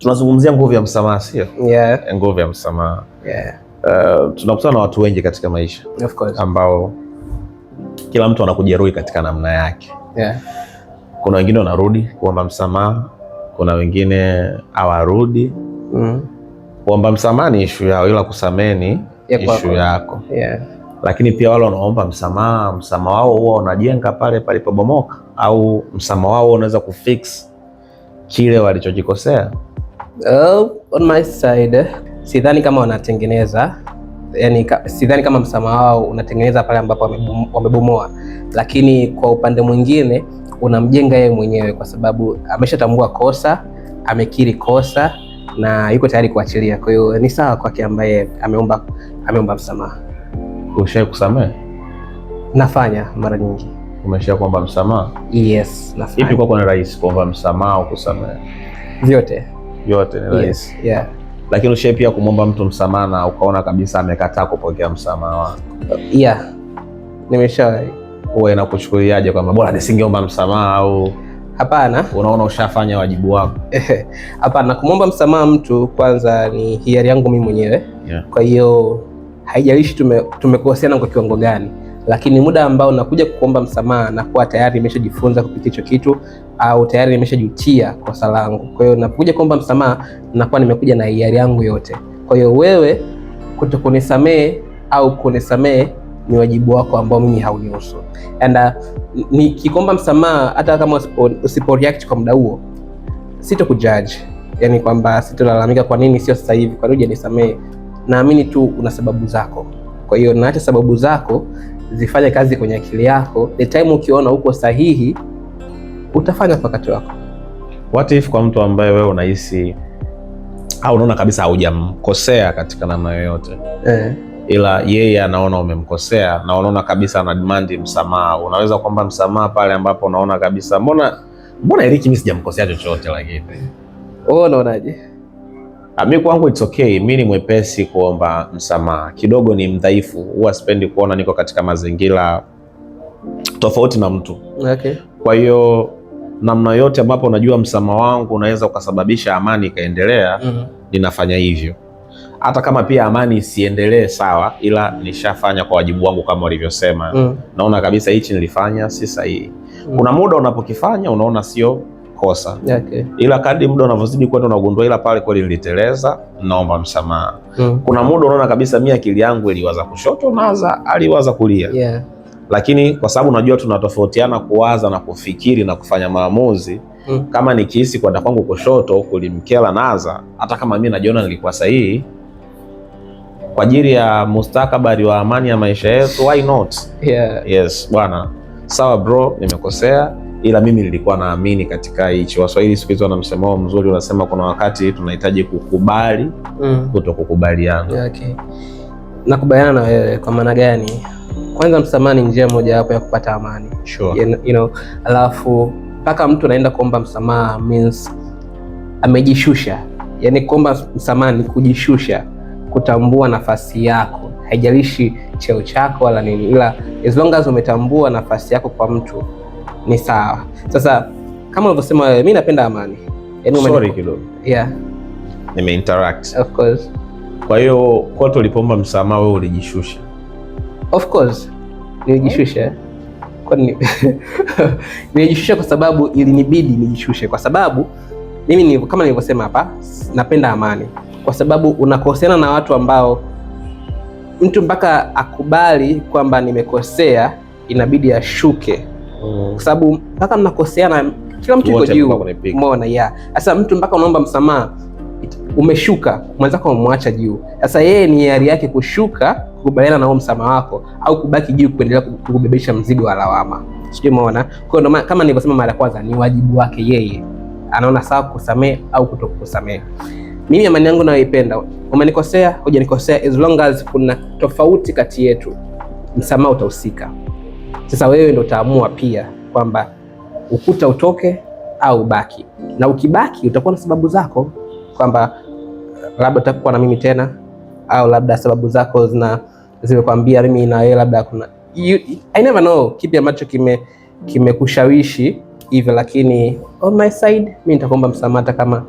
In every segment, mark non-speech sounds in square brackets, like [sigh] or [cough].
tunazungumzia nguvu ya msamaha, sio? Yeah. Eh, nguvu ya msamaha. Yeah. Uh, tunakutana na watu wengi katika maisha of course, ambao kila mtu anakujeruhi katika namna yake. Yeah. Kuna wengine wanarudi kuomba msamaha, kuna wengine hawarudi. Mm. Kuomba msamaha ni ishu yao, ila kusamehe ni ishu yako. Yeah. Lakini pia wale wanaomba msamaha, msamaha wao huwa unajenga pale palipobomoka, au msamaha wao unaweza kufix kile walichokikosea. Uh, on my side eh, sidhani kama wanatengeneza yani, sidhani kama msamaha wao unatengeneza pale ambapo wamebomoa, lakini kwa upande mwingine unamjenga yeye mwenyewe, kwa sababu ameshatambua kosa, amekiri kosa na yuko tayari kuachilia. Kwa hiyo ni sawa kwake ambaye ameomba ameomba msamaha. Ushawahi kusamehe? Nafanya mara nyingi. Umeshia kuomba msamaha? Yes, nafanya. Ipi kwako ni rahisi, kuomba msamaha au kusamehe? Vyote yote ni rahisi yes, yeah. Lakini ushawahi pia kumwomba mtu msamaha na ukaona kabisa amekataa kupokea msamaha wako? Yeah, nimeshawahi. Huwa inakuchukuliaje kwamba bora nisingeomba msamaha au hapana? Unaona ushafanya wajibu wako? [laughs] Hapana, kumwomba msamaha mtu kwanza ni hiari yangu mimi mwenyewe yeah. Kwa hiyo haijalishi tumekoseana tume kwa kiwango gani lakini muda ambao nakuja kuomba msamaha nakuwa tayari nimeshajifunza kupitia hicho kitu au tayari nimeshajutia kosa langu. Kwa hiyo napokuja kuomba msamaha nakuwa nimekuja na hiari yangu yote. Kwa hiyo wewe kuto kunisamehe au kunisamehe ni wajibu wako ambao mimi haunihusu. And uh, nikikomba msamaha hata kama usipo, usipo react kwa muda huo sito kujudge, kwamba sitolalamika kwa nini sio sasa hivi, kwa nini hujanisamehe. Naamini tu una sababu zako, kwa hiyo naacha sababu zako zifanye kazi kwenye akili yako, the time ukiona uko sahihi utafanya wakati wako. What if kwa mtu ambaye wewe unahisi au unaona kabisa haujamkosea katika namna yoyote eh, ila yeye anaona umemkosea na unaona kabisa ana demand msamaha, unaweza kwamba msamaha pale ambapo unaona kabisa mbona mbona Eric mimi sijamkosea chochote, lakini wewe unaonaje? Ah, mi kwangu it's okay, mi ni mwepesi kuomba msamaha, kidogo ni mdhaifu, huwa sipendi kuona niko katika mazingira tofauti na mtu okay. Kwa hiyo namna yote ambapo unajua msamaha wangu unaweza ukasababisha amani ikaendelea, mm -hmm. Ninafanya hivyo hata kama pia amani isiendelee, sawa, ila nishafanya kwa wajibu wangu kama walivyosema. mm. Naona kabisa hichi nilifanya si sahihi. mm. Kuna muda unapokifanya unaona sio nilikosa okay. Ila kadri muda unavyozidi kwenda unagundua, ila pale kweli niliteleza, naomba msamaha mm. Kuna muda unaona kabisa mimi akili yangu iliwaza kushoto, naza aliwaza kulia yeah. Lakini kwa sababu najua tunatofautiana kuwaza na kufikiri na kufanya maamuzi mm. Kama nikihisi kwenda kwangu kushoto kulimkela naza, hata kama mimi najiona nilikuwa sahihi kwa ajili ya mustakabali wa amani ya maisha yetu, why not? Yeah. Yes bwana, sawa bro, nimekosea ila mimi nilikuwa naamini katika hicho. Waswahili siku hizi wana msemo mzuri, unasema kuna wakati tunahitaji kukubali mm. kuto kukubaliana. Okay. Nakubaliana na wewe. Kwa maana gani? Kwanza, msamaha ni njia moja wapo ya kupata amani sure. you know, alafu mpaka mtu anaenda kuomba msamaha means amejishusha, yani kuomba msamaha ni kujishusha, kutambua nafasi yako haijalishi cheo chako wala nini, ila as long as umetambua nafasi yako kwa mtu ni sawa. Sasa kama unavyosema wewe, mimi napenda amani. Yaani sorry kidogo. Yeah. Nime interact. Of course. Kwa hiyo kote ulipomba msamaha wewe ulijishusha? Of course. Nilijishusha. nini? [laughs] nilijishusha kwa sababu ilinibidi nijishushe kwa sababu mimi ni, kama nilivyosema hapa napenda amani kwa sababu unakoseana na watu ambao mtu mpaka akubali kwamba nimekosea, inabidi ashuke mm. kwa sababu mpaka mnakoseana, kila mtu yuko juu, umeona ya sasa. Mtu mpaka unaomba msamaha, umeshuka mwenzako, umemwacha juu. Sasa yeye ni hali yake kushuka, kukubaliana na huo msamaha wako, au kubaki juu, kuendelea kukubebesha mzigo wa lawama, sijui umeona. Kwa hiyo kama nilivyosema mara ya kwanza, ni wajibu wake yeye, anaona sawa kukusamehe au kutokukusamehe. Mimi amani yangu nayoipenda, umenikosea hujanikosea, as long as kuna tofauti kati yetu, msamaha utahusika. Sasa wewe ndo utaamua pia kwamba ukuta utoke au ubaki, na ukibaki utakuwa na sababu zako kwamba eh, labda utakuwa na mimi tena, au labda sababu zako zina zimekwambia mimi na wewe labda kuna you, I never know kipi ambacho kime kimekushawishi hivyo, lakini on my side mimi nitakuomba msamaha kama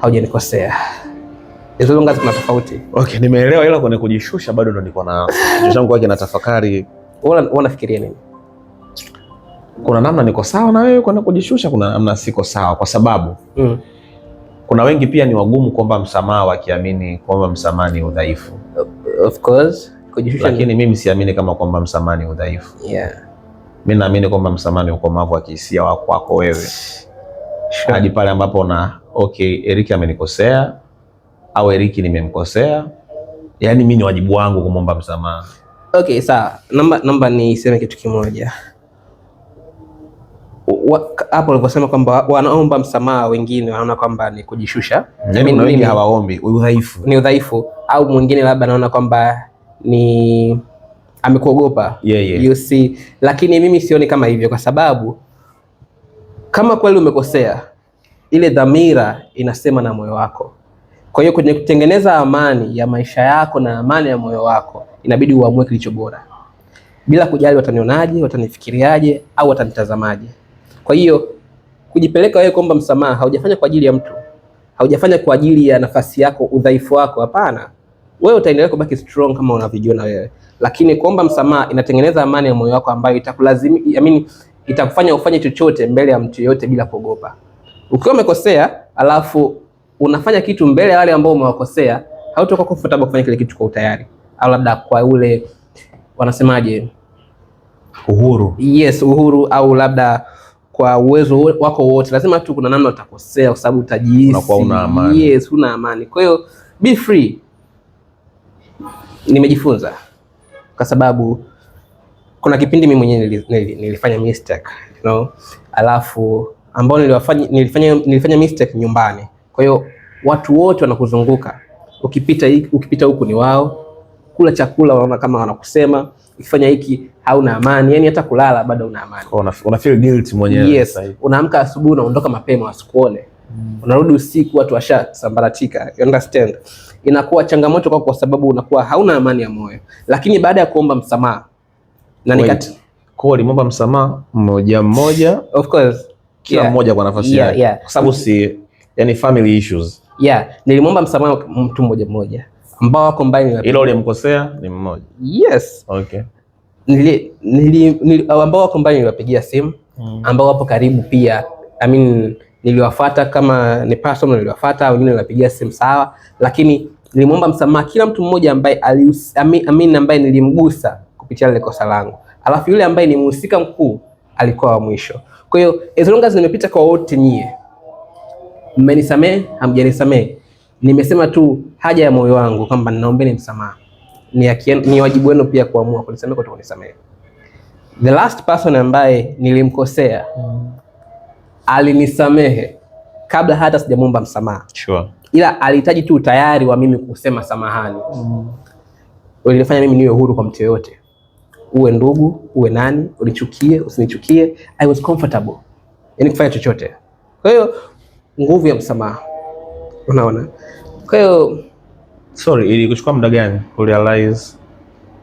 haujanikosea. Hizo ngazi kuna tofauti. Okay, nimeelewa, ila kwenye kujishusha bado ndo niko na changu wake na tafakari wanafikiria nini? Kuna namna niko sawa na wewe kwenda kujishusha, kuna namna siko sawa, kwa sababu mm. kuna wengi pia ni wagumu kuomba msamaha, wakiamini kwamba msamaha ni udhaifu. Of course kujishusha, lakini mimi siamini kama kwamba msamaha ni udhaifu yeah. Mimi naamini kwamba msamaha ni ukomavu wa kihisia wako wako wewe sure. hadi pale ambapo na okay, Eriki amenikosea au Eriki nimemkosea, yaani mimi ni wajibu wangu kumwomba msamaha Okay, sawa. Namba namba niseme kitu kimoja hapo ulivyosema kwamba wanaomba msamaha wengine wanaona kwamba ni kujishusha, yani hawaombi, udhaifu ni udhaifu, au mwingine labda anaona kwamba ni amekuogopa, yeah, yeah. You see, lakini mimi sioni kama hivyo, kwa sababu kama kweli umekosea, ile dhamira inasema na moyo wako. Kwa hiyo kwenye kutengeneza amani ya maisha yako na amani ya moyo wako inabidi uamue kilicho bora, bila kujali watanionaje, watanifikiriaje au watanitazamaje. Kwa hiyo kujipeleka wewe kuomba msamaha, haujafanya kwa ajili ya mtu, haujafanya kwa ajili ya nafasi yako, udhaifu wako, hapana. Wewe utaendelea kubaki strong kama unavyojiona wewe, lakini kuomba msamaha inatengeneza amani ya moyo wako ambayo itakulazimi, I mean, itakufanya ufanye chochote mbele ya mtu yote bila kuogopa. Ukiwa umekosea alafu unafanya kitu mbele ya wale ambao umewakosea, hautakuwa comfortable kufanya kile kitu kwa utayari au labda kwa ule wanasemaje, uhuru. Yes, uhuru au labda kwa uwezo wako wote, lazima tu kuna namna utakosea, kwa sababu utajihisi unakuwa una amani. Yes, una amani. Kwa hiyo be free, nimejifunza kwa sababu kuna kipindi mimi mwenyewe nilifanya mistake you know, alafu ambao niliwafanya nilifanya, nilifanya mistake nyumbani. Kwa hiyo watu wote wanakuzunguka, ukipita ukipita huku ni wao kula chakula unaona kama wanakusema, ukifanya hiki hauna amani, yani hata kulala bado una amani, una feel guilt mwenyewe. Yes, unaamka asubuhi unaondoka mapema wasikuone mm. unarudi usiku watu washasambaratika, you understand. Inakuwa changamoto kwako kwa sababu unakuwa hauna amani ya moyo, lakini baada ya kuomba msamaha na nikati kwa ulimwomba msamaha mmoja mmoja, of course kila yeah. mmoja kwa nafasi yake yeah, yeah. kwa sababu si yani family issues yeah, nilimwomba msamaha mtu mmoja mmoja ambao wako mbali na ile ulimkosea ni mmoja. Yes. Okay. Nili, nili, nili, ambao wako mbali niliwapigia simu mm. ambao wapo karibu pia I mean, niliwafuata kama ni personal niliwafuata, wengine niliwapigia simu sawa, lakini nilimwomba msamaha kila mtu mmoja ambaye ali, I ambaye nilimgusa kupitia lile kosa langu, alafu yule ambaye ni mhusika mkuu alikuwa wa mwisho. Kwa hiyo as long as nimepita kwa wote nyie mmenisamehe, hamjanisamehe Nimesema tu haja ya moyo wangu kwamba ninaombeni msamaha. Ni, ni wajibu wenu pia kuamua kunisamehe kwa kunisamehe. The last person ambaye nilimkosea alinisamehe kabla hata sijamwomba msamaha. Sure. Ila alihitaji tu tayari wa mimi kusema samahani. Mm. Ulifanya mimi niwe huru kwa mtu yoyote, uwe ndugu, uwe nani, unichukie, usinichukie, I was comfortable, yani kufanya chochote. Kwa hiyo nguvu ya msamaha unaona. Kwa hiyo sorry, ilikuchukua muda gani ku realize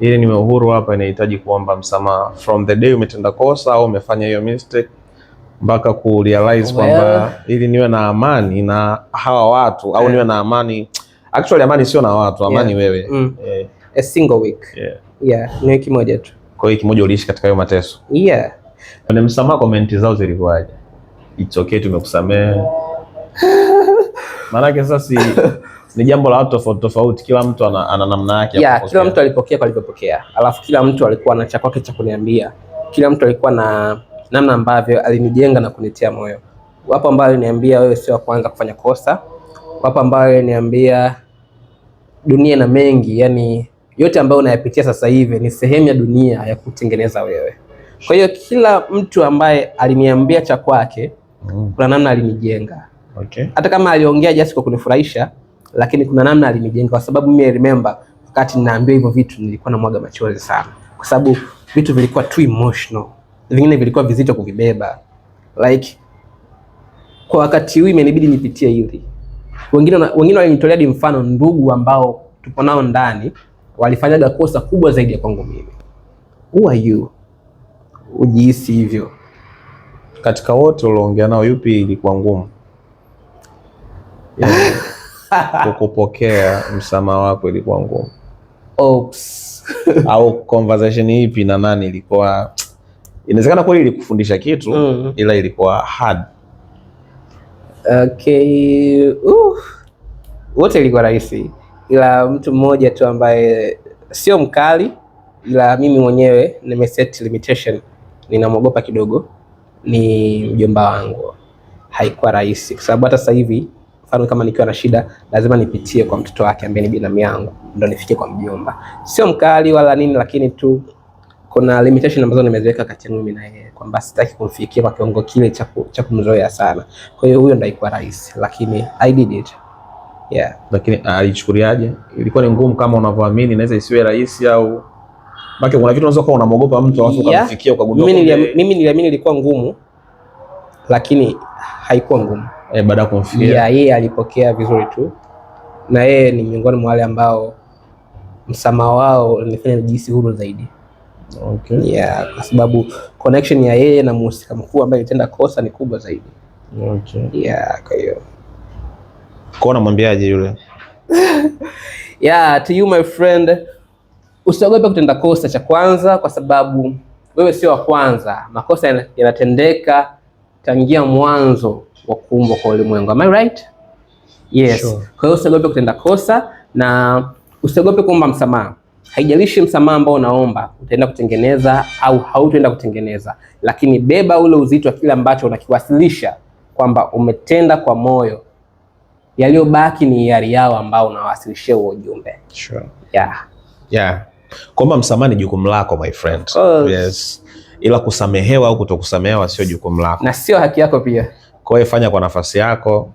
ili niwe uhuru hapa, inahitaji kuomba msamaha from the day umetenda kosa au umefanya hiyo mistake mpaka ku realize kwamba ili niwe na amani na hawa watu yeah. au niwe na amani actually, amani sio na watu, amani yeah. wewe mm. yeah. a single week yeah. Yeah, ni wiki moja tu. Kwa hiyo wiki moja uliishi katika hiyo mateso yeah. msamaha, komenti zao zilikuwaje? It's okay, tumekusamehe [laughs] Maanake sasa si [laughs] ni jambo la watu tofauti tofauti, kila mtu ana, ana namna yake ya, kila mtu alipokea alivyopokea, alafu kila mtu alikuwa na cha kwake cha kuniambia, kila mtu alikuwa na namna ambavyo alinijenga na kunitia moyo. Wapo ambao aliniambia wewe sio wa kwanza kufanya kosa, wapo ambao aliniambia dunia na mengi, yani yote ambayo unayapitia sasa hivi ni sehemu ya dunia ya kutengeneza wewe. Kwa hiyo kila mtu ambaye aliniambia cha kwake, mm. kuna namna alinijenga. Okay. Hata kama aliongea just kwa kunifurahisha, lakini kuna namna alinijenga, kwa sababu mimi remember wakati ninaambiwa hivyo vitu nilikuwa na mwaga machozi sana, kwa sababu vitu vilikuwa too emotional, vingine vilikuwa vizito kuvibeba like kwa wakati huu imenibidi nipitie hili. Wengine wengine walinitolea mfano ndugu ambao tupo nao ndani walifanyaga kosa kubwa zaidi ya kwangu mimi. Who are you? Ujihisi hivyo. Katika wote ulioongea nao, yupi ilikuwa ngumu? [laughs] kukupokea msamaha wako ilikuwa ngumu? Oops. [laughs] au conversation ipi na nani ilikuwa, inawezekana kweli ilikufundisha kitu mm. ila ilikuwa hard? Okay. Uh. Wote ilikuwa rahisi, ila mtu mmoja tu ambaye sio mkali, ila mimi mwenyewe set limitation, ninamwogopa kidogo, ni mjomba wangu. Haikuwa rahisi kwa sababu hata sasa hivi Mfano kama nikiwa na shida lazima nipitie kwa mtoto wake ambaye ni binamu yangu ndo nifike kwa mjomba. Sio mkali wala nini, lakini tu kuna limitation ambazo nimeziweka kati yangu mimi na yeye kwamba sitaki kumfikia kwa kiwango kile cha kumzoea sana. Kwa hiyo huyo ndo ikuwa rahisi, lakini I did it. Yeah. Lakini ah, alichukuliaje? Uh, Ilikuwa ni ngumu kama unavyoamini, inaweza isiwe rahisi au Maki, kuna vitu unaweza kuwa unamogopa mtu alafu ukamfikia ukagundua. Mimi niliamini ilikuwa ngumu, lakini haikuwa ngumu e, baada ya kumfikia yeah, yeye alipokea vizuri tu, na yeye ni miongoni mwa wale ambao msamaha wao ulinifanya nijihisi huru zaidi. Okay. Yeah, kwa sababu connection ya yeye na mhusika mkuu ambaye alitenda kosa ni kubwa zaidi. Okay. Yeah, kwa hiyo kwa namwambiaje yule? [laughs] Yeah, to you my friend, usiogope kutenda kosa cha kwanza, kwa sababu wewe sio wa kwanza. Makosa yanatendeka tangia mwanzo wa kuumbwa kwa ulimwengu. Am I right? Yes. Sure. Kwa hiyo usiogope kutenda kosa na usiogope kuomba msamaha. Haijalishi msamaha ambao unaomba utaenda kutengeneza au hautaenda kutengeneza, lakini beba ule uzito wa kile ambacho unakiwasilisha kwamba umetenda kwa moyo, yaliyobaki ni hiari yao ambao unawasilishia huo ujumbe. Sure. Yeah. Yeah. Kuomba msamaha ni jukumu lako my friend. Yes. Ila kusamehewa au kutokusamehewa sio jukumu lako na sio haki yako pia. Kwa hiyo fanya kwa nafasi yako.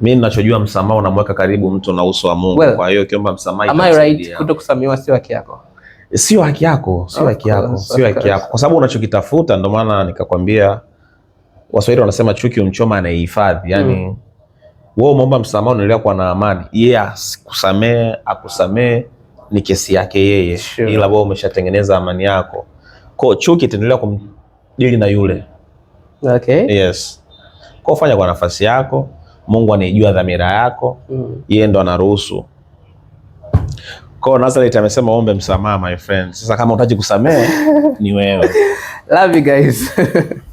Mimi ninachojua msamaha unamweka karibu mtu na uso wa Mungu. Well, kwa hiyo ukiomba msamaha am I right, kutokusamehewa sio haki yako. Sio haki yako, sio haki yako, sio haki yako. Kwa sababu unachokitafuta ndio maana nikakwambia Waswahili wanasema chuki umchoma anaihifadhi. yani mm. wewe umeomba msamaha unaelewa kuwa na amani. Yeye yeah, asikusamee, akusamee ni kesi yake yeye. Sure. Ila wewe umeshatengeneza amani yako. Kwa chuki itaendelea kumdili na yule. Okay. Yes. Kwa fanya kwa nafasi yako, Mungu anaijua dhamira yako mm. Yeye ndo anaruhusu. Kwa Nazareth amesema ombe msamaha my friend. Sasa kama unataka kusamehe [laughs] ni wewe. Love you guys. [laughs]